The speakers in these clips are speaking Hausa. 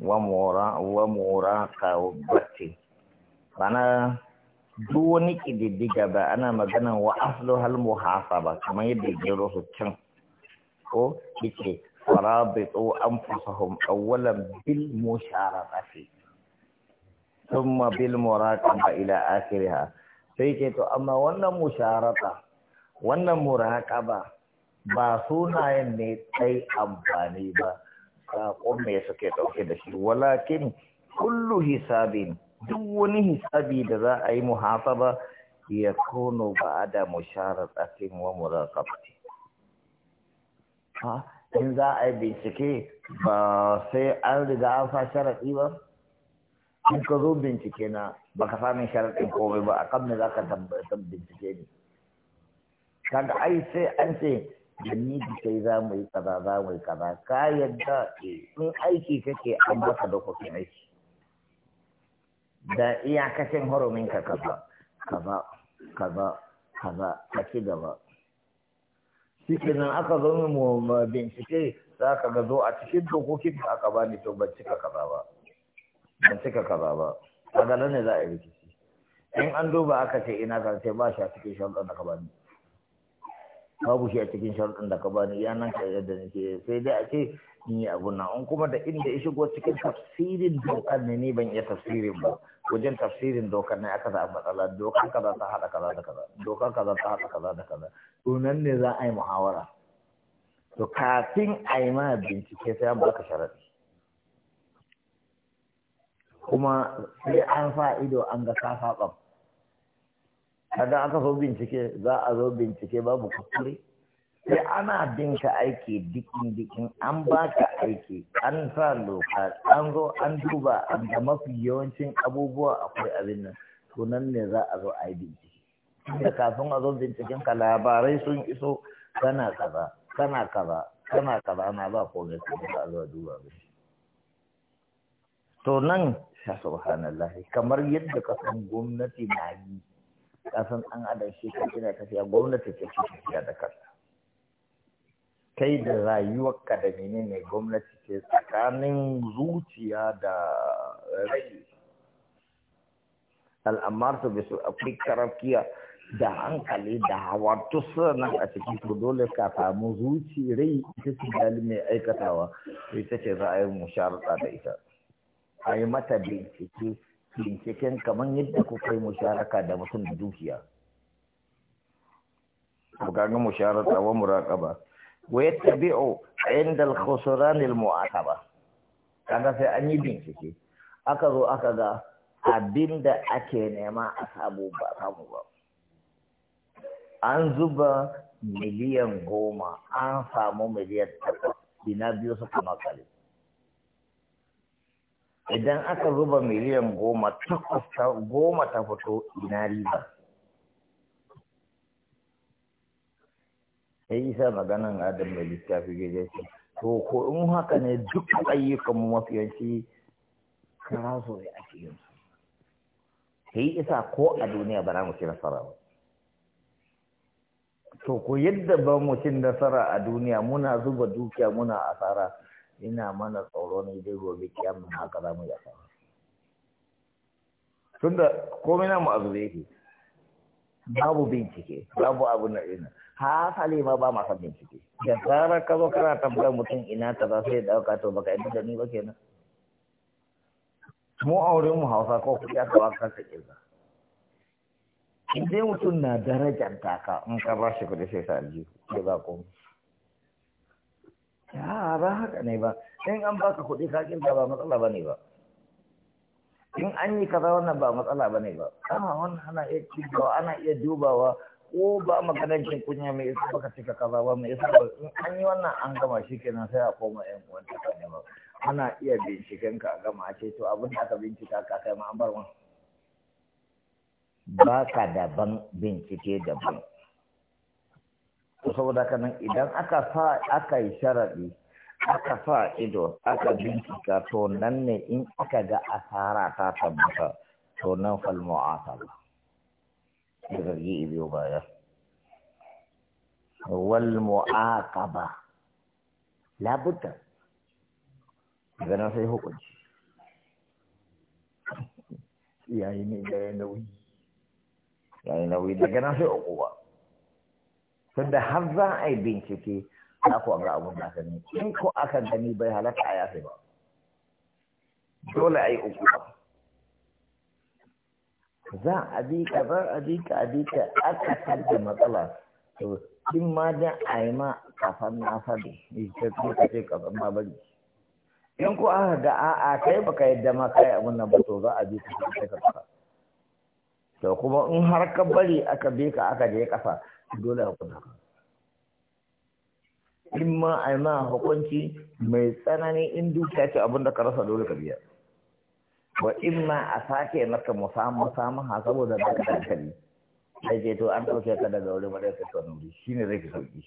wa muraqabati mana duk wani kididdiga ba ana magana wa hal muhasaba kamar yadda gero su can ko kike farabitu anfusahum awwalan bil musharaqati thumma bil muraqaba ila akhiriha sai ke to amma wannan musharata wannan muraqaba ba sunayen ne tsaye amfani ba saƙon mai suke ɗauke da shi walakin kullu hisabin duk wani hisabi da za a yi muhasaba ya kono ba da musharatatin wa muraqabati ha in za a yi bincike ba sai an riga an sa sharaɗi ba in ka zo bincike na baka samun sharaɗin komai ba a kan me za ka bincike ne kaga ai sai an ce da ni da za mu yi kaza za mu yi kaza ka yadda eh, in aiki kake an baka da kuɗin aiki da iyakacin horomin ka kaza kaza kaza kaza ka ci gaba shi ke nan aka zo min mu bincike za ka ga zo a cikin dokokin da aka bani to ban cika kaza ba ban cika kaza ba a nan ne za a yi rikici in an duba aka ce ina ka ce ba shi a cikin shan da ka bani babu shi a cikin sharuɗin da ka bani ya nan ka yadda nake sai dai a ce in yi abu na in kuma da inda ya shigo cikin tafsirin dokar ne ni ban iya tafsirin ba wajen tafsirin dokar ne aka samu matsala dokar kaza ta haɗa kaza da kaza dokar kaza ta haɗa kaza da kaza to nan ne za a yi muhawara to kafin a yi ma bincike sai an baka sharaɗi kuma sai an sa ido an ga ka saɓa kaga aka zo bincike za a zo bincike babu kuskure sai ana ka aiki dikin dikin an baka aiki an sa loka an zo an duba da mafi yawancin abubuwa akwai abin nan to nan ne za a zo a yi bincike da kafin a zo binciken ka labarai sun iso kana kaza kana kaza kana kaza na ba ko ne sai a zo duba ba to nan subhanallahi kamar yadda ka san gwamnati na yi kasan an adam shi kan ka tafiya gwamnati ce ke tafiya da kanta kai da rayuwarka da menene gwamnati ce tsakanin zuciya da rai al'amarta bisu akwai karafiya da hankali da hawa tusa nan a cikin to dole ka samu zuci rai ita ce dali mai aikatawa ita ce za a yi musharata da ita a yi mata bincike binciken kamar yadda kuka kai musharaka da mutum da dukiya kaga musharaka wa muraqaba wa yattabi'u 'inda al-khusran al-mu'ataba kaga sai an yi bincike aka zo aka ga abinda ake nema a samu ba samu ba an zuba miliyan goma an samu miliyan takwas ina biyu suka makale idan aka zuba miliyan goma takwas ta goma ta fito ina riba sai isa maganan adam da littafi gaje ce to ko in haka ne duk ayyukan mu mafiyanci kira so ya ake yin su sai isa ko a duniya ba za mu nasara ba to ko yadda ba mu cin nasara a duniya muna zuba dukiya muna asara ina mana tsoro ne dai gobe kiyama haka za mu yasa tunda komai na mu abu yake babu bincike babu abu na ina hasali ma ba ma bincike da tsara ka zo kana tambayar mutum ina ta za sai dauka to baka yadda da ni ba kenan mu auren mu hausa ko kuɗi aka ba ka ta kirga in dai mutum na darajar taka in ka ba shi kuɗi sai sa aljihu sai ba komai a ba haka ne ba in an baka kuɗi ka kinta ba matsala ba ba in an yi kaza wannan ba matsala ba ne ba amma wannan ana iya ana iya dubawa ko ba maganar kin kunya mai isa baka cika kaza ba mai isa ba in an yi wannan an gama shi kenan sai a koma yan uwan ta ne ba ana iya binciken ka gama a ce to abin da aka bincika ka kai ma an bar ba ka daban bincike daban saboda haka nan idan aka sa aka yi sharaɗi aka sa ido aka bincika to nan ne in aka ga asara ta tabbata to nan falmu'ata ba da zargi biyo baya wal mu'aqaba labudda daga nan sai hukunci yayi ne da nauyi yayi nauyi daga nan sai uku tunda har za a yi bincike za ku ga abun da aka in ko aka gani bai halaka a yafe ba dole a yi uku za a dika, za a dika, a dika, ka aka tadda matsala to in ma da a yi ma kafan na fadi ita kuma ka ce kafan ma bari in ko aka ga a'a kai baka yadda ma kai abun nan ba to za a bi ka sai to kuma in har ka bari aka bi ka aka je kasa dole ka kuma in ma a ma hukunci mai tsanani in dukiya ce abin da ka rasa dole ka biya wa in ma a sake maka musamman samun ha saboda ba ka dankali sai ce to an ɗauke ka daga wuri ba ka tsoron wuri shi ne zai ki sauki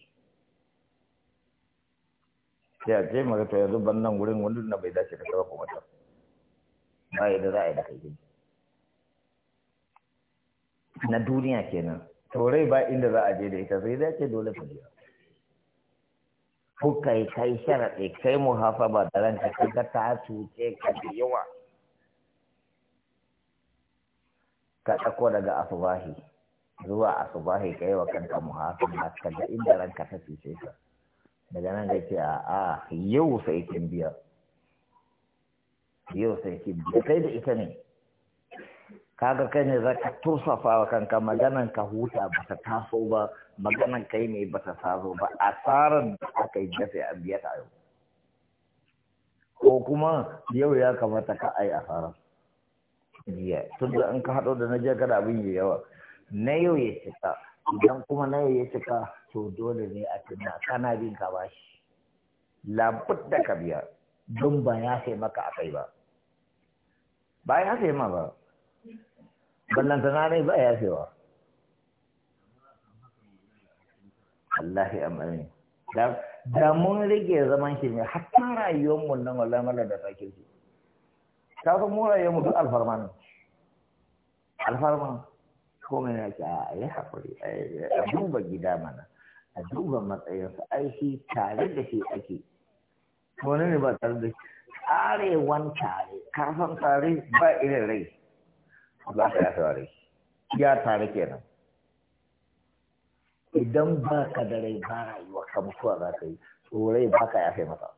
sai a ce maka to yanzu ban nan wurin wani na bai dace da kaba kuma ta ba yadda za a yi da kai na duniya kenan taurai ba inda za a je da ita sai zai ce dole ka biya kuka yi kai sharaɗe kai mu hafa ba da ranka kaga ta cuce ka da yawa ka ɗauko daga asubahi zuwa asubahi ka yi wa kanka hafa ba ka da inda ranka ta cuce ka daga nan da ce a yau sai kin biya yau sai kin biya kai da ita ne Ka ga kai ne zaka tursafa wa kanka maganan ka huta ba ta taso ba maganan kai ne ba ta taso ba asarar da aka yi dafe a biya ta yau ko kuma yau ya kamata ka ai asarar jiya tun da an ka haɗo da na jiya kada abin yi yawa na yau ya cika idan kuma na yau ya cika to dole ne a tuna kana bin ka bashi labud da ka biya don ba ya sai maka kai ba ba ya sai ma ba Ballan ta ne ba ya fewa Allahi amarin da mun rage zaman shi ne hatta mu nan wallahi mala da sake shi ta san mu mu duk alfarma ne alfarma ko mai na ce a yi haƙuri a duba gida mana a duba matsayinsa ai shi tare da shi ake wani ne ba tare da shi tsarewan tare kafin tare ba irin rai za ka tare ya tare kenan idan ba ka da rai ba rayuwa ka mutuwa za ka yi tsorai ba ka yafe masa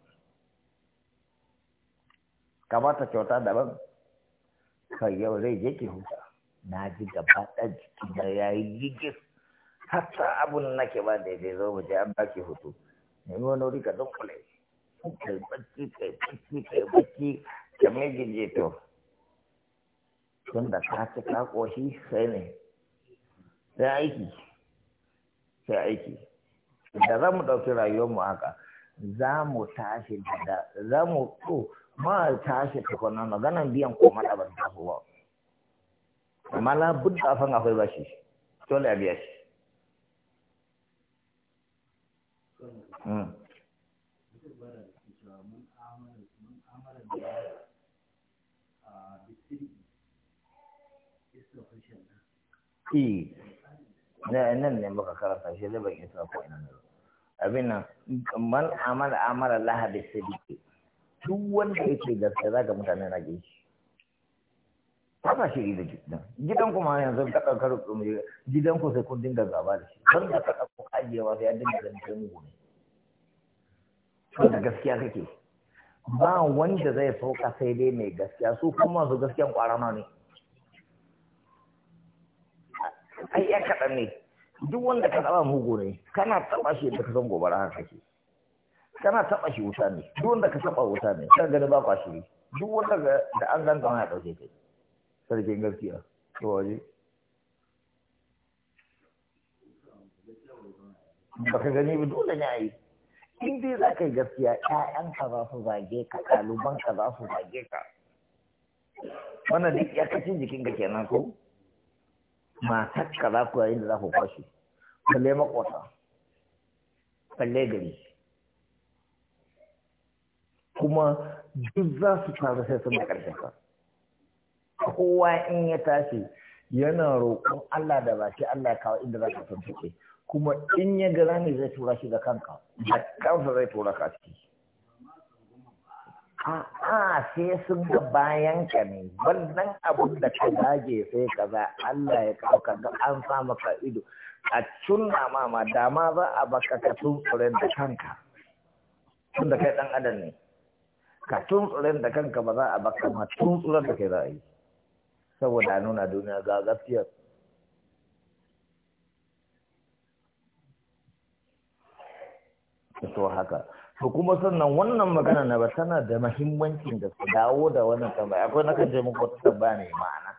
kamata kyauta daban ka yau zai je ki huta na ji gaba ɗan jiki da ya yi gigis hatta abun nake ba da ya zo waje an baki hutu nemi wani wuri ka dunkule kai bacci kai bacci kai bacci ka mai tun da ka ci ka ƙoshi sai ne sai aiki sai aiki da za mu ɗauki rayuwarmu haka za mu tashi da za mu ko ma tashi tukuna maganan biyan ko mata ban taso ba amma la budda fan akwai bashi dole a biya shi hmm. na nan ne muka karanta shi da ban isa ko ina abin nan man amala amala Allah da sidiki duk wanda yake gaskiya zaka mutane na gishi ba shi da gidan gidan kuma yanzu ka daukar gidan ku sai kun dinga gaba da shi kan da ka dauko wa sai an dinga zancen mu ne wanda gaskiya kake ba wanda zai sauka sai dai mai gaskiya su kuma su gaskiyan kwarama ne ai ya kaɗan ne duk wanda ka taɓa mugu ne kana taɓa shi da ka san gobara haka ke kana taɓa shi wuta ne duk wanda ka taɓa wuta ne kan gani ba kwashi duk wanda da an zanga ma ya ɗauke kai sarkin gaskiya to waje ka gani ba dole ne a yi in dai za ka yi gaskiya ka za su zage ka ka za su zage ka wannan duk ya kacin jikinka kenan ko matakka za ku yayin da za ku kwashe kalle makwata kalle gari kuma duk za su taru sai sun da ka kowa in ya tashi yana roƙon Allah da shi Allah ya kawo inda za ka tuntuke kuma in ya gara ne zai tura shi da kanka da kansa zai tura ka ciki a'a sai sun ga bayan ka ne wannan abun da ka dage sai kaza Allah ya kawo ka ga an samu ka ido a cunna ma ma dama za a baka ka tuntsuren da kanka tun da kai dan adam ne ka tuntsuren da kanka ba za a baka ma tuntsuren da kai za a yi saboda nuna duniya ga gaskiya to haka to kuma sannan wannan magana na ba tana da mahimmancin da su dawo da wannan tambaya akwai na kan je muku wata tambaya ne ma'ana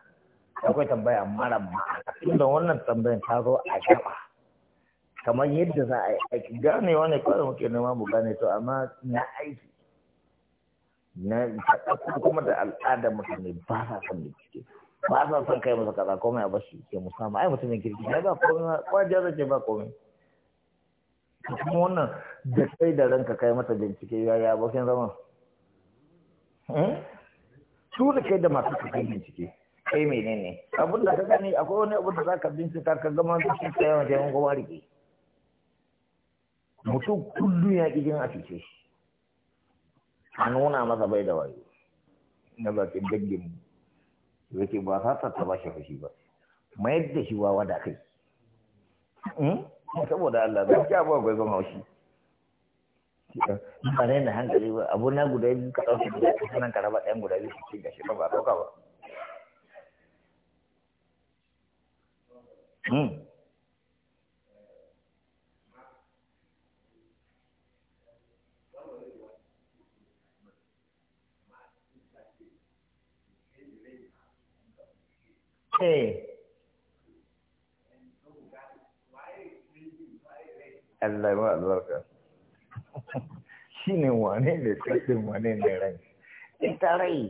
akwai tambaya mara ma'ana tunda wannan tambayan ta zo a gaba kamar yadda za a yi aiki gane wani kawai muke nema mu gane to amma na aiki na kuma da al'adar mutane ba sa son cike ba sa son kai masa kaza komai a bashi ke musamman ai mutumin kirki ai ba komai ba kwajar da ke ba komai kuma wannan da kai da ranka kai mata bincike ya ya abokin zaman hmm? su da kai da masu kai bincike kai menene abin da ka gani akwai wani abu da za ka bincika ka gama da shi ta yawan jayen goma rike mutum kullum ya ƙi jin a shi a nuna masa bai da wayo na bakin dangin mu yake ba sa ta ba shi fashi ba mayar da shi wawa da kai hmm? saboda Allah gaskiya ba akwai ban haushi ba ne na hankali ba abu na guda biyu ka ɗauki guda biyu sanan ka raba ɗayan guda biyu su ci gashi ba ɗauka ba hmm. Hey. Allah ma albarka shi ne wane ne kwasin wane ne rai ta rai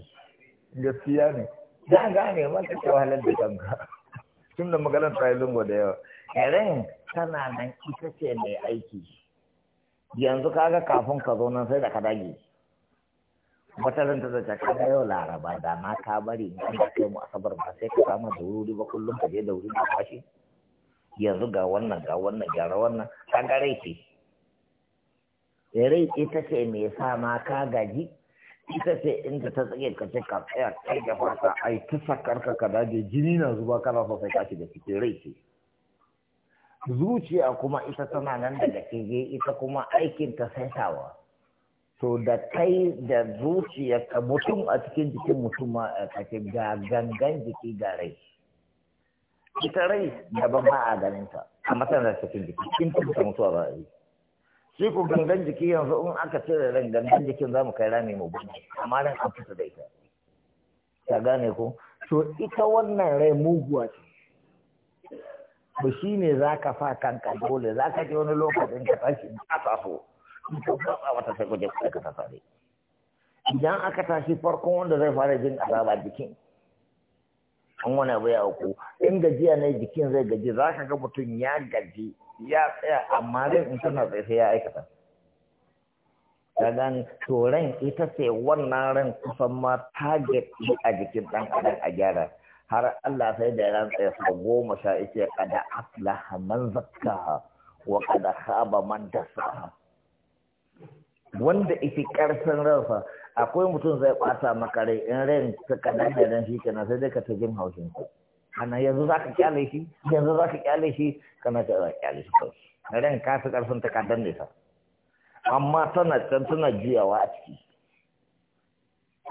gaskiya ne za gane ma ta ce wahalar da kanka tun da maganar ta yi lungo da yawa eh, rai tana nan ita ce mai aiki yanzu kaga kafin ka zo nan sai da ka dage wata ran ta zace ka yau laraba da ma ka bari in da kai mu asabar ba sai ka samu da wuri ba kullum ka je da wuri ka kwashe. yanzu ga wannan ga wannan gyara wannan tagarai ce rai ita ce mai sa ma ka gaji ita ce inda ta tsage ka ce ka tsaya kai da fata ai ta sakar ka ka dage jini na zuba kana so kai ka shiga cikin rai ce zuciya kuma ita tana nan daga cikin ita kuma aikin ta saitawa to da kai da zuciya ka mutum a cikin jikin mutum ma eh, ka ga gangan jiki ga rai ita rai daban ba a ganin ta a matsalar cikin jiki in kun ta mutuwa ba a yi shi ko gangan jiki yanzu in aka cire ran gangan jikin za mu kai rami mu gudu amma ran an fita da ita Ta gane ko to ita wannan rai muguwa ce ba shi ne za ka fa kanka dole za ka je wani lokacin ka tashi ba ta so in ka ba wata sai guje ka ta fare idan aka tashi farkon wanda zai fara jin azaba jikin kan wani abu ya uku in gajiya ne jikin zai gaji za ka ga mutum ya gaji ya tsaya amma zai in tana tsaye sai ya aikata ka to ita ce wannan ran kusan ma target a jikin ɗan adam a gyara har Allah sai da ran tsaye sa goma sha ita kada aslaha man zakka wa kada khaba man dasaha wanda ifi karfin ransa akwai mutum zai ɓata maka rai in kadan da dandadan shi kana sai dai ka ta jin haushin ka ana yanzu za ka kyale shi yanzu za ka kyale shi kana ta za kyale shi kawai ran ka fi karfin ta kadan da sa amma tana can tana juyawa a ciki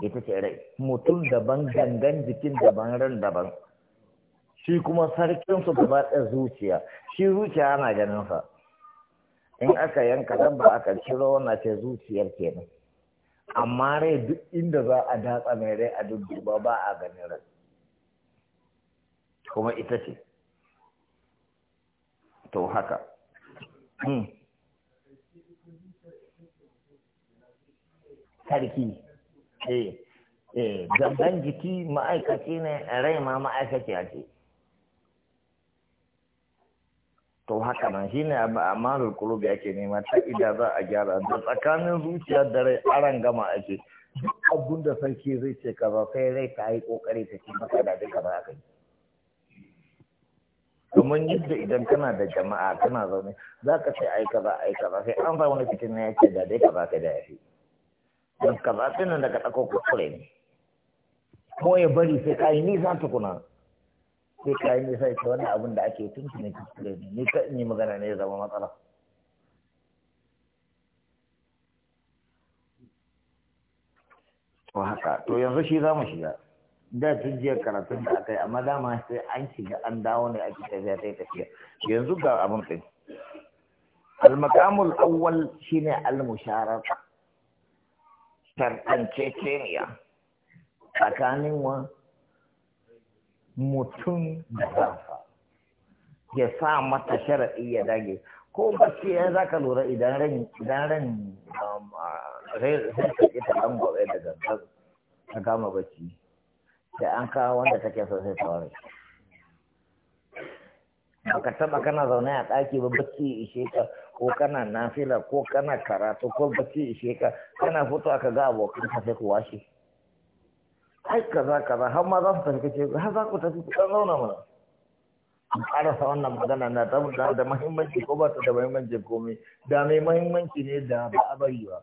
ita ce rai mutum daban gangan jikin daban ran daban shi kuma sarkin su gaba zuciya shi zuciya ana ganin sa in aka yanka dan ba aka ciro wannan ce zuciyar kenan amma rai duk inda za a datsa mai rai a duk duba ba a ganin rai kuma ita ce to haka hmm. sarki eh eh gangan jiki ma'aikaci ne rai ma ma'aikaci ce to haka nan shine amalul qulubi ake nema ta ida za a gyara da tsakanin zuciya da rai aran gama ake abun da sarki zai ce kaza sai rai ta yi kokari ta ce maka da duka ba ka yi domin yadda idan kana da jama'a kana zaune za ka sai ai kaza ai kaza sai an samu wani fitin na yake da dai kaza ka da yafi don kaza tunan da ka ɗauko kuskure ne ko ya bari sai ka yi nisan tukuna sai ka yi nisa ta wannan abin da ake tun ne kuskure ne ni ka in yi magana ne ya zama matsala to haka to yanzu shi za mu shiga da tun jiya karatun da aka yi amma dama sai an shiga an dawo ne ake tafiya ta yi tafiya yanzu ga abin ɗin almakamul awwal shine almusharaka tarkance tsakanin wa mutum da ransa ya sa mata sharaɗi ya dage ko bacci ya za ka lura idan ran idan ran um, sai ka ita ɗan gobe da gangan ka gama bacci da an kawo wanda take so sai ta ware baka taba kana zaune a ɗaki ba bacci ishe ka ko kana nafila ko kana karatu ko bacci ishe ka kana fito aka ga abokan ka sai ku washe ai kaza kaza har ma za su tafi kace har za ku tafi ku dan zauna mana an karasa wannan magana na ta da da muhimmanci ko ba ta da muhimmanci komai da mai muhimmanci ne da ba a bari ba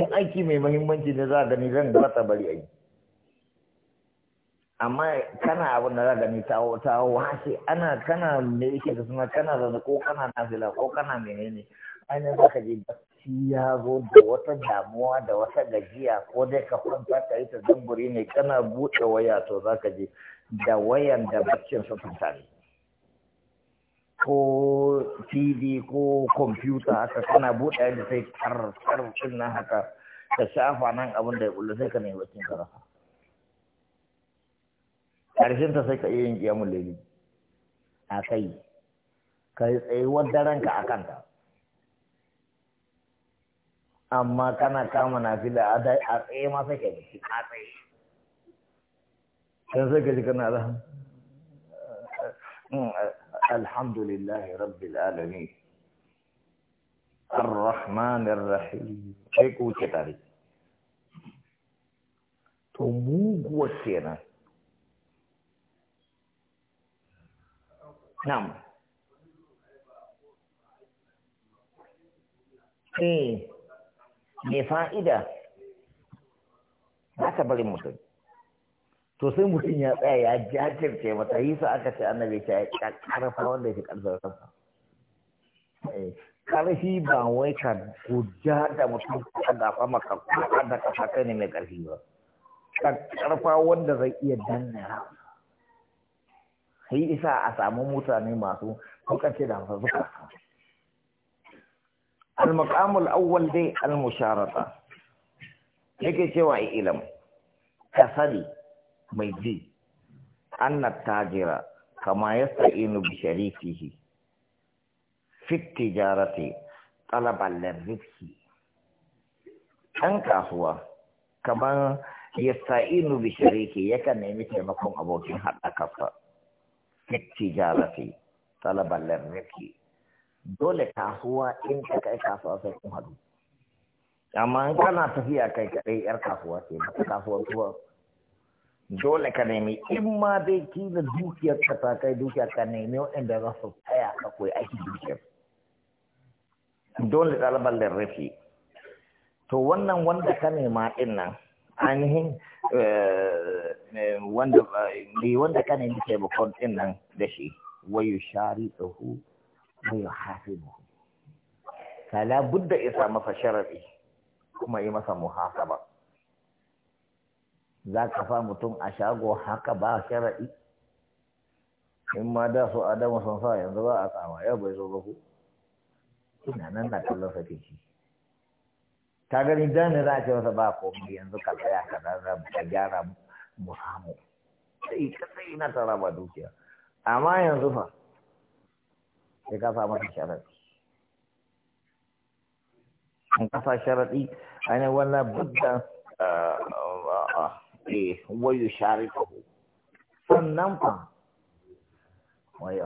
in aiki mai muhimmanci ne za a gani zan ba ta bari aiki amma kana abin da za gani ta ta ana kana me yake da suna kana da ko kana nafila ko kana menene ainihin za ka je bacci ya zo da wata damuwa da wata gajiya ko dai ka kwanta ka yi ta zamburi ne kana buɗe waya to za ka je da wayan da baccin su fita ne ko tv ko kwamfuta haka kana buɗe yadda sai karkar cin nan haka ka shafa nan abin da ya ɓullo sai ka nemi baccin ka rasa ƙarshen ta sai ka iya yin ƙiyamun lili a kai ka yi tsayuwar daren ka a kanta amma kana kama na fi da a tsaye ma sai ka ji a tsaye sai sai ka ji kana da alhamdulillahi rabbil alamin الرحمن الرحيم sai ku wuce tare to muguwa kenan nam eh mai fa'ida za ta bari mutum to sai mutum ya tsaya ya jajirce mata yi su aka ce annabi ta ya karfa wanda ya fi karfin kansa karfi eh, ba wai ka guja da mutum ka gafa maka kuma da kasa kai ne mai karfi ba ka karfa wanda zai iya danna yi isa a samu mutane masu kuka ce da hausa zuka Al-maƙamul awwal dai al-musharata. Yake cewa yi ilam, ka mai ji, an na tajira, kama ya sa'inu bishari fihi, fit tijarati, talabar larriki, ɗan kasuwa, kama ya sa'inu bishari ki yaka nemi taimakon abokin haɗa kafa, fit tijarati, talabar larriki. dole kasuwa in ka kai kasuwa sai kun haɗu amma in kana tafiya kai kaɗai yar kasuwa ce ba kasuwa kuwa dole ka nemi in ma dai kila dukiyar ka ta kai dukiyar ka nemi waɗanda za su tsaya ka koyi aiki dukiyar dole da larrafi to wannan wanda ka nema ɗin nan ainihin eh, eh, eh, wanda ka nemi taimakon ɗin nan da shi wayu shari tsohu wa yuhasibuhu fala budda isa masa sharadi kuma yi masa muhasaba za ka fa mutum a shago haka ba sharadi in ma da su adamu sun sa yanzu ba a tsama yau bai zo ba ku ina nan na kallon sa ke shi ka gani dan ne za a ce masa ba komai yanzu ka tsaya ka zara ka gyara mu samu sai ka sai ina tara ba dukiya amma yanzu fa ya ka masa sharadi an kasa sharadi ana wannan wayo ah, ah, ah, eh wayu ku sannan fa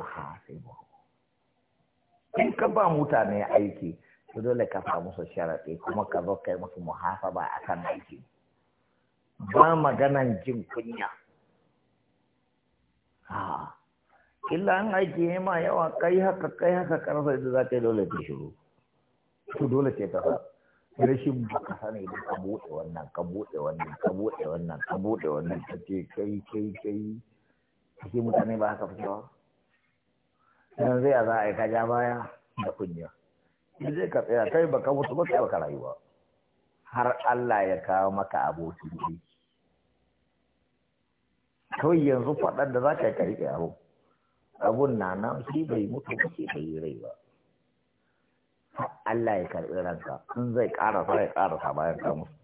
hafi ba in ka ba mutane aiki to dole ka sa musu sharaɗi kuma ka zo kai musu ba a kan aiki ba maganan jin kunya illa an aiki ya ma yawa kai haka kai haka karfa da za ta yi dole ta shiru to dole ce ta rashin ba ka sani da ka buɗe wannan ka buɗe wannan ka buɗe wannan ka buɗe wannan ta ce kai kai kai kake mutane ba haka fitowa yanzu ya za a yi ka ja baya da kunya in zai ka tsaya kai baka mutu ba kai baka rayuwa har Allah ya kawo maka abokin kawai yanzu faɗar da za ka yi ka riƙe abu abun na nan shi bai mutu ba shi yi rai ba Allah ya karɓi ranka in zai ƙarasa ya ƙarasa bayan ka mutu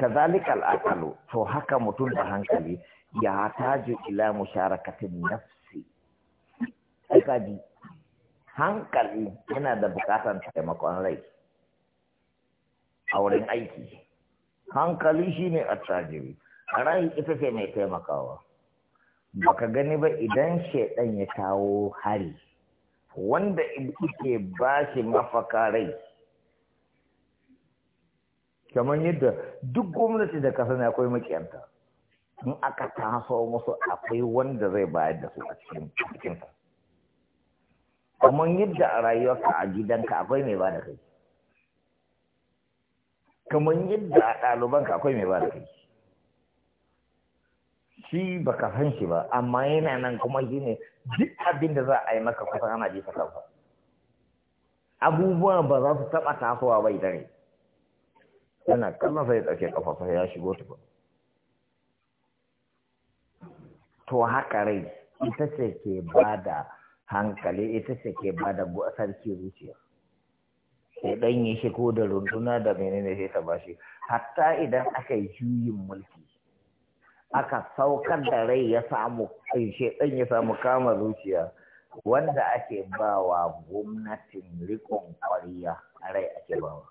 kazalikal akalu to haka mutum da hankali ya taju ila musharakatin nafsi kaji hankali yana da bukatan taimakon rai a wurin aiki hankali shine attajiri rai ita ce mai taimakawa baka gani ba idan shaidan ya kawo hari wanda ke ba shi mafaka rai kamar yadda duk gwamnati da kasa na akwai makiyanta in aka taso musu akwai wanda zai bayar da su a cikin ka kamar yadda a rayuwarka a gidanka akwai mai ba da kai kamar yadda a ɗalibanka akwai mai ba da kai shi ka san shi ba amma yana nan kuma shi ne duk abin da za a yi maka kusan ana jefa kansa abubuwa ba za su taɓa tasowa bai dare yana kallon sai ya ɗauke ya shigo ba. to haka rai ita ce ke ba da hankali ita ce ke ba da sarki zuciya sai ɗan shi ko da runduna da menene sai ta bashi hatta idan aka yi juyin mulki aka saukar da rai ya samu shaidan ya samu kama zuciya wanda ake bawa gwamnatin rikon kwariya a rai ake bawa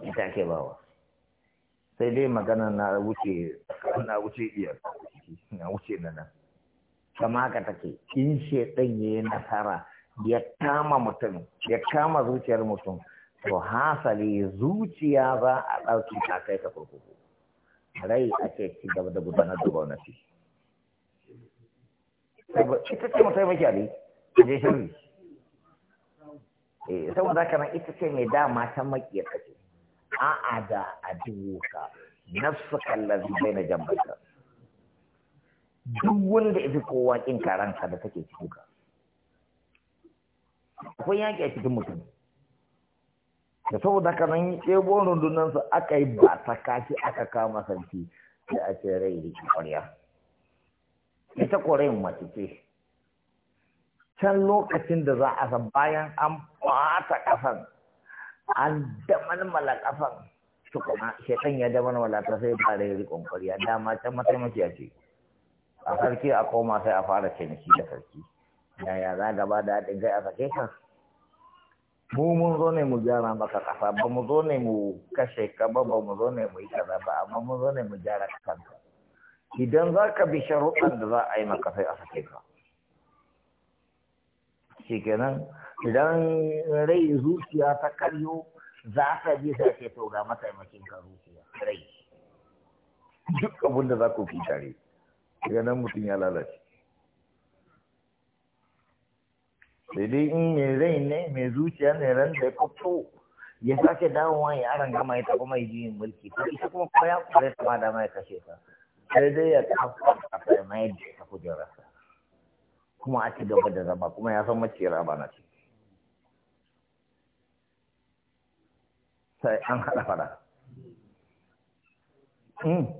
ita ake bawa sai dai magana na wuce na wuce iya na wuce na nan kama ka take in shaidan ya yi nasara ya kama mutum ya kama zuciyar mutum to hasali zuciya za a ɗauki ta kai kurkuku rai ake ci gaba da gudanar da gwamnati ita ce mutai maki ali a je shirri eh saboda haka ita ce mai dama ta makiyar kace a'a da aduka nafsuka allazi na jambaka duk wanda ifi kowa kin karanka da take cikin ka akwai yaƙi a cikin mutum da saboda haka nan ɗebo su aka yi ba ta kashi aka kama sarki sai a ce rai ke ƙwarya ita ƙwarya mace ce can lokacin da za a san bayan an ɓata ƙasan an damalmala ƙasan kuma shekan ya damalmala ta sai ba rai rikin kwarya dama can mataimaki a ce a sarki a koma sai a fara ciniki da sarki yaya za gaba da haɗin kai a sake ka mu mun zo ne mu gyara maka kasa ba mu zo ne mu kashe ka ba ba mu zo ne mu yi kaza ba amma mun zo ne mu gyara ka idan za ka bi sharuɗan da za a yi maka sai a sake ka shikenan idan rai zuciya ta karyo za ta bi sai ce to ga mataimakin ka zuciya rai duk abin da za ku fi tare daga mutum ya lalace sai dai in mai rai ne mai zuciya ne ran da ya to ya sake dawowa ya aran gama ya kuma mai mulki ta ita kuma ko ya ta ma dama ya kashe ta sai dai ya kafa a kai mai da ta sa kuma a ci gaba da zama kuma ya san macera ba na ci sai an haɗa fara hmm.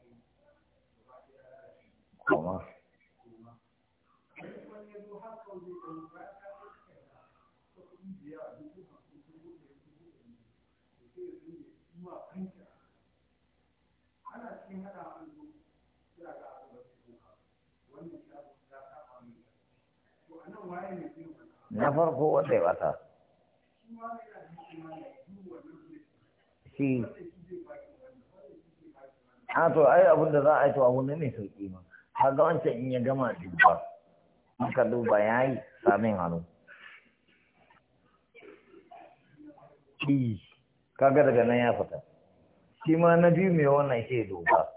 na farko wanda ya wata shi a to ai da za a yi to ne mai sauki ma ga wancan in ya gama duba muka duba ya yi samin hannu kaga daga nan ya fita shi ma na biyu mai wannan ke duba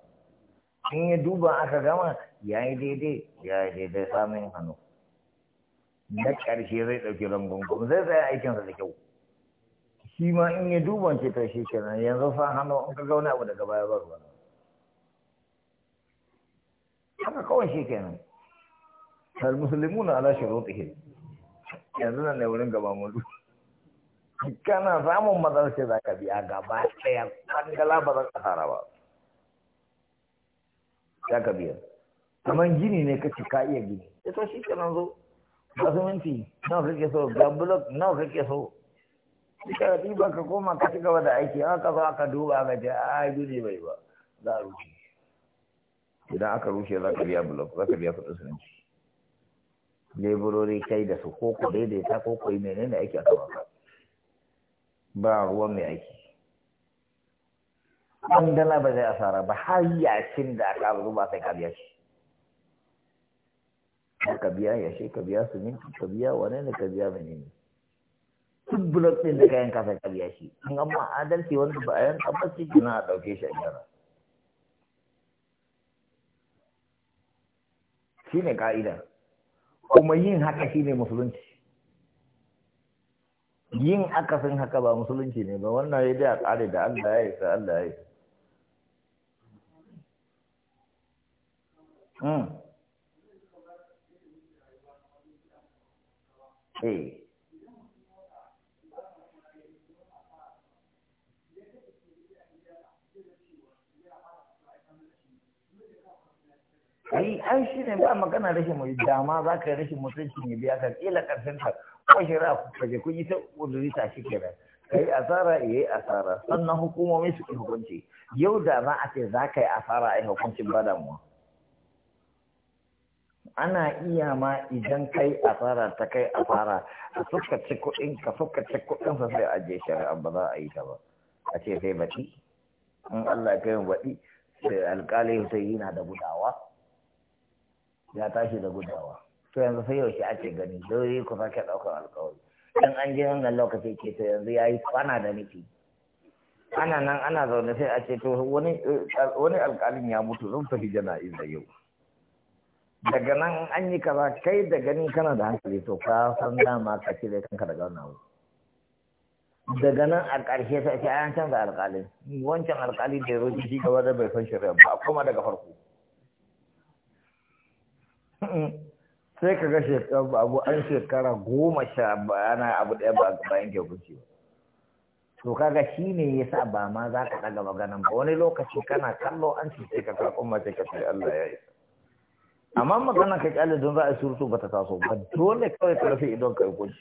in ya duba aka gama ya yi daidai ya yi daidai samun hannu na ƙarshe zai ɗauki rangungun zai tsaya aikinsa da kyau shi ma in ya duba ce ta shi nan yanzu fa hannu an ka wani abu daga baya ba ruwa haka kawai shi nan al-muslimuna ala shurutihim yanzu nan ne wurin gaba mu kana samun matsalar ce za ka biya gaba ɗaya Bangala ba zan asara ba za ka biya kamar gini ne kace ka iya gini ya to shi kenan zo wasu minti nawa kake so ga blok nawa kake so ka ɗiba ka koma ka ci gaba da aiki aka zo aka duba ka ce a gini bai ba za a rushe idan aka rushe za ka biya blok za ka biya kuɗin siminti leburori kai da su ko ku daidaita ko ku yi menene aiki a baka ba ruwan mai aiki an dala ba zai asara ba har yashin da aka abu ba sai kabiya shi ka biya yashi ka biya siminti ka biya wane ne ka biya menene duk blok ɗin da kayan kasa ka biya shi in amma adalci wanda ba a yan ba gina a ɗauke shi a gyara shi ne ka'ida kuma yin haka shi ne musulunci yin akasin haka ba musulunci ne ba wannan ya da tsari da Allah ya yi sa Allah ya yi. ai an shi ne ba magana rashin mai dama za ka yi rashin mutunci ne biya ka kila karshen ka ko ra ku kaje kun yi ta ta shi kenan kai asara yayi eh, asara sannan hukumomi su hukunci yau da za a ce za ka yi asara a yi hukuncin ba mu. ana iya ma idan kai asara ta kai asara a suka ci kuɗin ka suka ci kuɗin sa sai je shari'a ba za a yi ta ba a ce sai baɗi. in Allah ya kai mu baɗi sai alƙalai sai yana da gudawa ya tashi da gudawa to yanzu sai yaushe ake gani dole ku sake ɗaukar alƙawari. in an je wannan lokaci ke to yanzu ya yi kwana da nufi ana nan ana zaune sai a ce to wani alƙalin ya mutu zan tafi jana'iza yau daga nan an yi kaza kai da gani kana da hankali to ka san dama ka cire kanka daga wannan daga nan a ƙarshe sai ce an canza alƙalin wancan alƙali da ya zo shi gaba da bai san shari'a ba kuma daga farko sai ka ga shekara abu an shekara goma sha ana abu ɗaya ba bayan yanke kunci to kaga shi ne ya ba ma za ka daga maganan ba wani lokaci kana kallo an cuce ka ka kuma ce ka sai Allah ya yi amma maganan ka kyale don za a surutu ba ta taso ba dole kawai ka rufe idon ka yi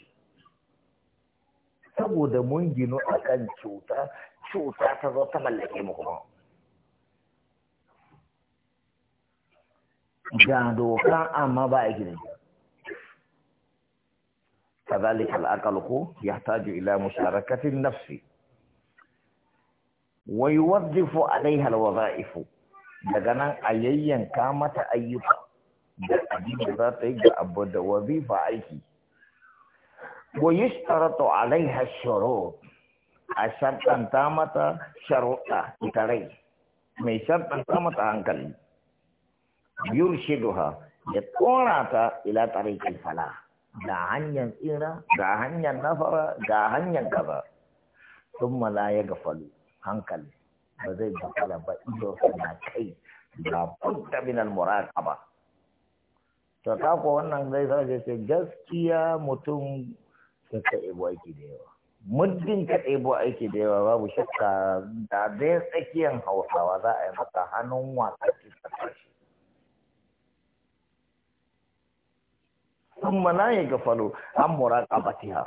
saboda mun gino akan cuta cuta ta zo ta mallake mu kuma ga doka amma ba a gidan كذلك العقل يحتاج إلى مشاركة النفس ويوظف عليها الوظائف دغنا ايين كامتا ايوبا da abin da za ta yi ga abu da wazifa aiki wa yushtaratu alaiha shurut a sharɗanta mata sharuɗa ita mai sharɗanta mata hankali yurshiduha ya tsora ta ila tariqil fala. ga hanyar tsira ga hanyar nafara ga hanyar kaza. sun mala ya falo, hankali ba zai gafala ba ido suna kai ga budda min ba to ta ko wannan zai sa ce gaskiya mutum ta ka ebo aiki da yawa muddin ka ɗebo aiki da yawa babu shakka da zai tsakiyar hausawa za a yi mata hannun wasa ki ثم لا يغفل عن مراقبتها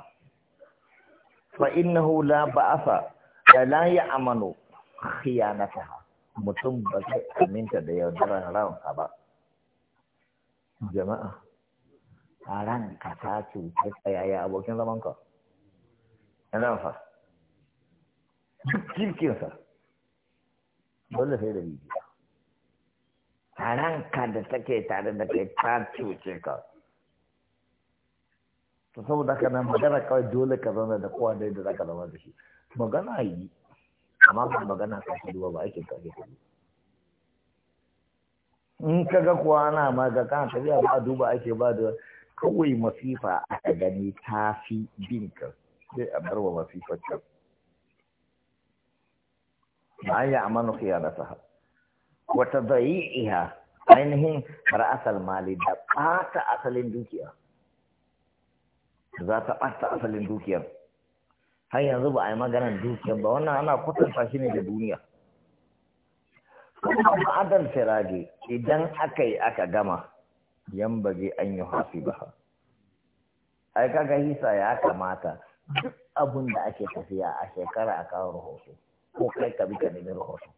فانه لا باس لا يامن خيانتها mutum ba zai aminta da yaudarar ranka ba jama'a a ranka ta cutar tsayaya abokin zamanka ranfa duk kirkinsa dole sai da bibiya a ranka da take tare da kai ta cuce ka to saboda haka nan magana kawai dole ka zauna da kowa da yadda za ka zama da shi magana yi amma ba magana ka shi ba aikin ka ke kudu in ka ga kuwa ana ma ga kan tafiya ba duba ake ba da kawai masifa aka gani ta fi bin ka sai a bar wa masifar ka ma ya rasa wata zai iya ainihin ra'asal mali da ɓata asalin dukiya za ta ɓata asalin dukiyar har yanzu ba a yi maganar dukiyar ba wannan ana kwatanta shi ne da duniya kuma adam siraje idan aka yi aka gama yan baje an yi hafi ba ai kaga hisa ya kamata duk abun da ake tafiya a shekara a kawo rahoto ko kai ka bi ka nemi rahoto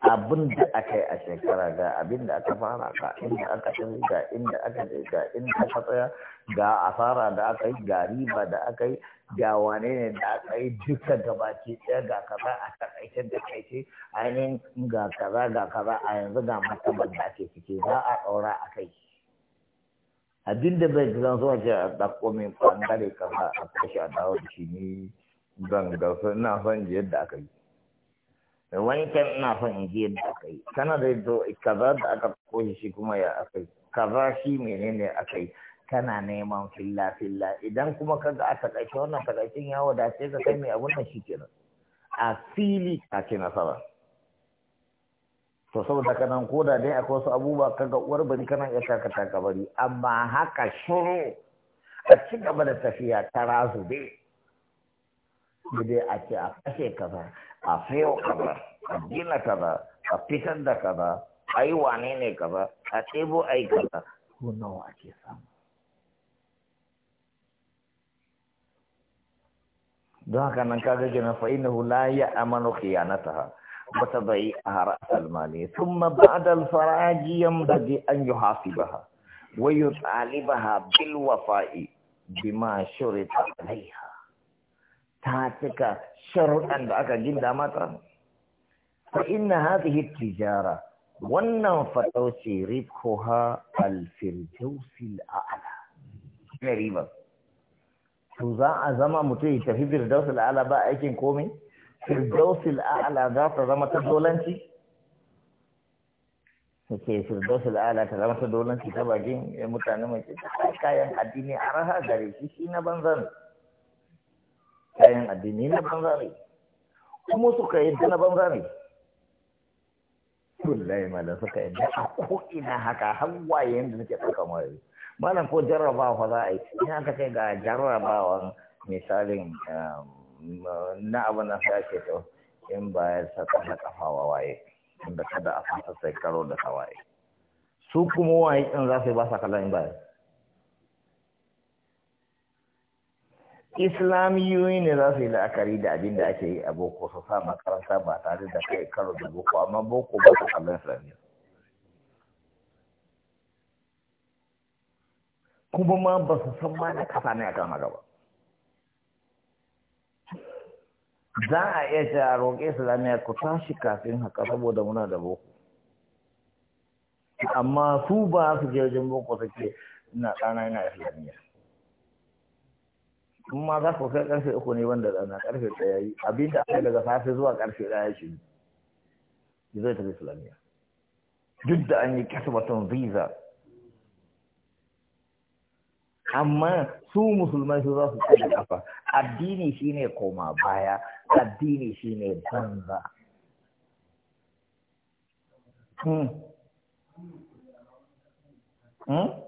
abin da aka yi a shekara ga abin da aka fara ga inda aka tafi ga inda aka je ga inda aka tsaya ga asara da aka yi ga riba da aka yi ga wane ne da aka yi duka gabaki ɗaya ga kaza a takaice da kaice ainihin ga kaza ga kaza a yanzu ga matsalar da ake ciki za a ɗaura a kai abin da bai zan so ce a ɗauko min ɓangare kaza a kashe a dawo da shi ni ban gasa ina son yadda aka yi wani kan ina son in je da aka yi kana da to kaza da aka koyi shi kuma ya aka yi kaza shi menene aka yi kana neman filla filla idan kuma ka ga a takaice wannan takaicin ya wadace ka kai mai abun nan shi kenan a fili a ce nasara to saboda ka nan koda dai akwai wasu abubuwa kaga uwar bari kana iya shakata ka bari amma haka shiru a ci gaba da tafiya ta razube dai a ce a kashe kaza سيوكا جينا كذا افتتن كذا ايو عنيني كذا اتيبو اي كذا هو نو اكي سام دعاك ننكاك جنا فإنه لا يأمن خيانتها بتضعي أهراء المالي ثم بعد الفراج يمدد أن يحاسبها ويطالبها بالوفاء بما شرط عليها ta cika sharuɗan da aka ginda mata fa inna hadhihi tijara wannan fatauci ribhuha al-firdausi al-a'la ne riba to za a zama mutum ya tafi firdausi al-a'la ba aikin komai firdausi al-a'la za ta zama ta dolanci suke firdausul ala ta zama ta dolanci ta bakin mutane mai kayan addini raha gare shi shi na banzan kayan addini na banza ne kuma suka yi na banza ne wallahi malam suka yi a ko'ina haka hawaye yadda nake ɗauka mai malam ko jarrabawa fa za a yi in aka kai ga jarrabawan misalin um, na abu na sa ke to in ba ya saka da kafa waye inda kada a fasa sai karo da hawaye su kuma waye in za su yi ba sa kallon in ba islamiyoyi ne za su yi la'akari da abin da ake yi a boko su sa makaranta ba tare da kai karo da boko amma boko ba su kallon islamiyya kuma ma ba su san ma na kasa ne haka ba za a iya ce a roƙe islamiyya ku tashi kafin haka saboda muna da boko amma su ba su je wajen boko suke na ɗana ina islamiyya in ma za ku kai karfe uku ne wanda rana karfe ɗaya yi abin da aka daga safe zuwa karfe ɗaya shi zai tafi islamiyya duk da an yi kasbatun visa amma su musulmai su za su kada kafa addini shine koma baya addini shine banza hmm hmm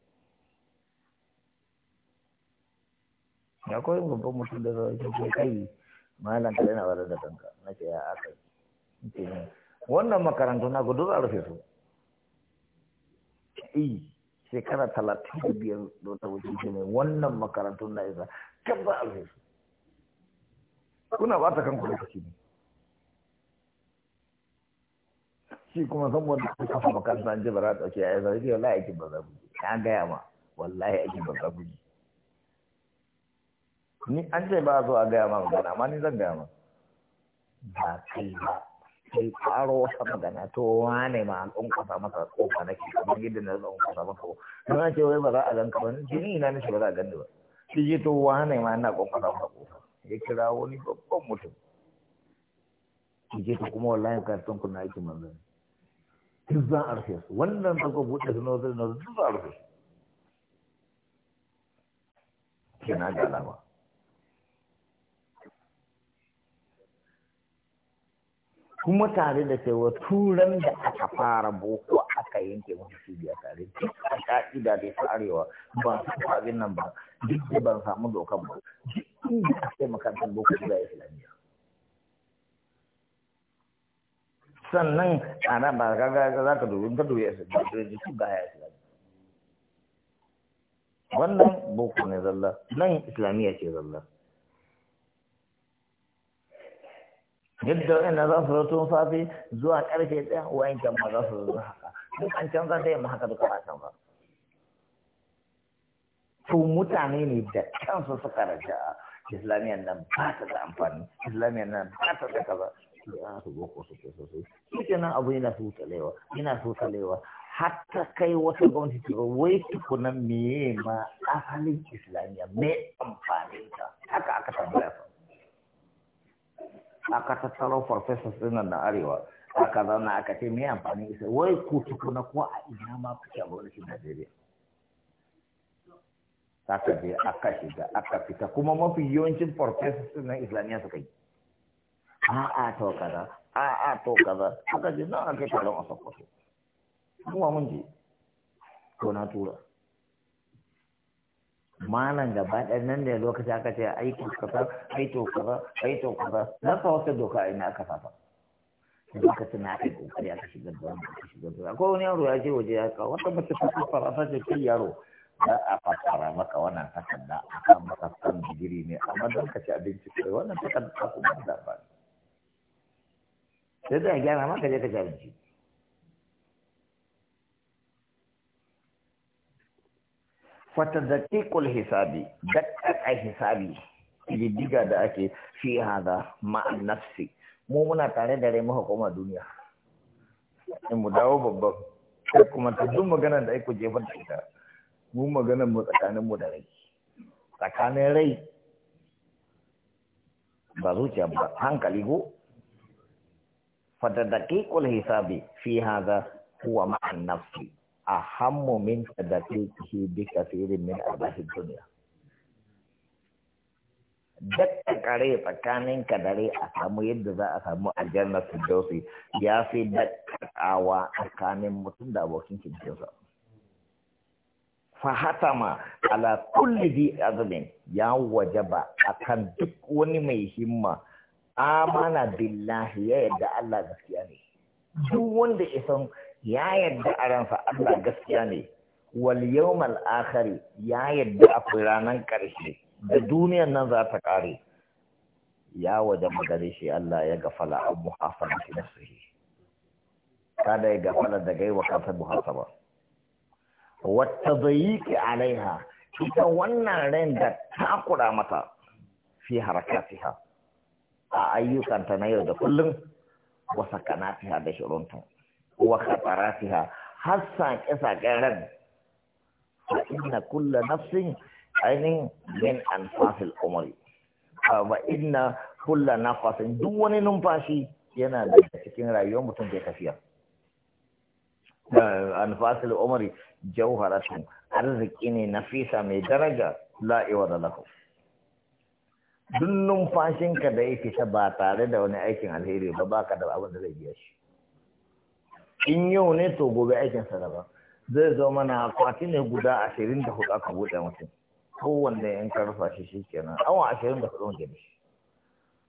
ya koyi babban mutum da zai ce kai malam ka yana wadanda da kanka na ce ya aka yi wannan makarantu na gudu za a rufe su i shekara talatin da biyar da ta wuce shi ne wannan makarantu na isa kan ba a rufe su kuna ba ta kanku lokaci ne shi kuma saboda an kafa makaranta an ji ba za ya yi zarafi wallahi aikin ba za ku ya gaya ma wallahi aikin ba za ku ji ni an ce ba zo a gaya ma magana amma ni zan gaya ma ba kai ba sai faro wata magana to wane ma an kasa masa kofa nake kamar yadda na zan kasa maka ko na ce wai ba za a ganka ba ni ni na nace ba za a ganni ba shi je to wane ma ina kwankwasa masa kofa ya kira wani babban mutum shi je to kuma wallahi ka karton ku na aikin manzan duk zan arfe su wannan ta ko buɗe su na nozir duk zan arfe su kina da alama kuma tare da cewa turan da aka fara boko aka yanke wani cibiya tare duk a ka'ida da ta arewa ba su abin nan ba duk da ban samu dokan ba duk inda aka makarantar boko zuwa islamiyya sannan a nan ba kaga za ka dubi ka dubi islamiyya su ga ya islamiyya wannan boko ne zalla nan islamiyya ce zalla yadda wa'annan za su tun safe zuwa karfe ɗaya wa'ancan ma za su zo haka duk an canza ta yi haka duka ba canza to mutane ne da kansu suka raja islamiyya nan ba ta da amfani islamiyya nan ba ta da kaza su ana su boko su ke sosai shi nan abu yana su tsalewa yana su tsalewa hatta kai wata gwamnati ta ba wai tukunan meye ma asalin islamiyya me amfani ta haka aka tambaya fa aka tattaro farfesas ɗin na arewa aka zauna aka ce me amfani isa wai ku tukuna ko a ina ma kuke a gwamnatin najeriya aka je aka shiga aka fita kuma mafi yawancin farfesas ɗin na islamiyya suka yi a to kaza a to kaza aka je na aka taron a sokoto kuma mun je ko na tura malam gaba ɗan nan da lokaci aka ce aiki kaza aito kaza to kaza na fa wata doka a ina aka fafa lokacin na aka kokari aka shiga da wani aka shiga da ko wani yaro ya je waje ya kawo wata mace ta fara ta ce kai yaro za a fafara maka wannan takarda a kan san digiri ne amma don ka ci abinci kai wannan takarda ta kuma da ba sai da gyara maka je ka ci abinci fatadaqiqul hisabi dakka hisabi diddiga da ake fi hada ma'an nafsi mu muna tare da rai maka koma duniya in mu dawo babban sai kuma ta duk magana da aiko jefar da ita mu magana mu tsakanin mu da rai tsakanin rai ba zuciya ba hankali ko fatadaqiqul hisabi fi hada huwa ma'an nafsi a hammu min sadaqihi duka kathirin min arbahid duniya. dakka kare tsakanin ka a samu yadda za a samu aljanna firdausi ya fi dakkakawa tsakanin mutum da abokin kinkinsa fahatama ala kulli bi azumin ya waje ba a kan duk wani mai himma amana billahi ya yadda Allah gaskiya ne duk wanda isan ya yadda a ransa Allah gaskiya ne wal yawmal akhari ya yadda a ranan karshe da duniyar nan za ta kare ya waje magare shi Allah ya gafala muhafa da shi shi, kada ya gafala da gaiwa wa muhafa ba. wata zai zayyiki alaiha ita wannan ran da takura mata fi ha, a ayyukanta na yau da kullum wasa ha da shirunta wa khataratiha har saƙe-saƙen ran inna kulla nafsin ainihin min anfasil umri wa inna kulla nafsin duk wani numfashi yana da cikin rayuwar mutum ke tafiya anfasil umari jauharatun arziki ne nafisa mai daraja la'iwa da lahu duk numfashinka da ya fita ba tare da wani aikin alheri ba baka da abin da zai biya shi in yau ne to gobe aikin sa daban zai zo mana akwati ne guda ashirin da hudu aka buɗe mutum kowanne in ka shi shi kenan awa ashirin da hudu mutum shi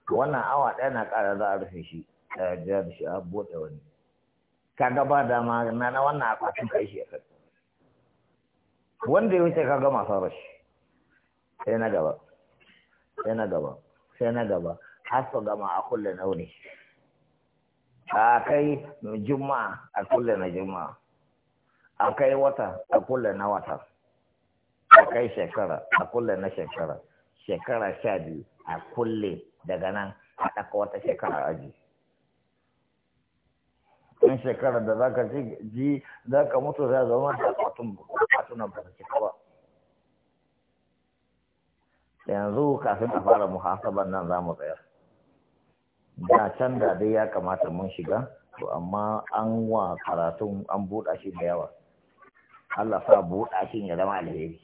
wannan awa ɗaya na ƙara za a rufe shi a yarda da shi a buɗe wani ka gaba da ma na na wannan akwatin kai shi a wanda ya wuce ka gama fara shi sai na gaba sai na gaba sai na gaba har su gama a kulle nauni akai kai juma'a a kulle na juma'a akai wata a kulle na wata akai shekara a kulle na shekara shekara sha biyu a kulle daga nan a ɗaka wata shekara aji in shekara da za ka ji za ka mutu za zama da kwatun kwatunan ba su kawa. yanzu kafin a fara muhasabar nan za mu tsayar da can da dai ya kamata mun shiga to amma an wa karatun an buɗa shi da yawa Allah sa buɗa shi ya zama alheri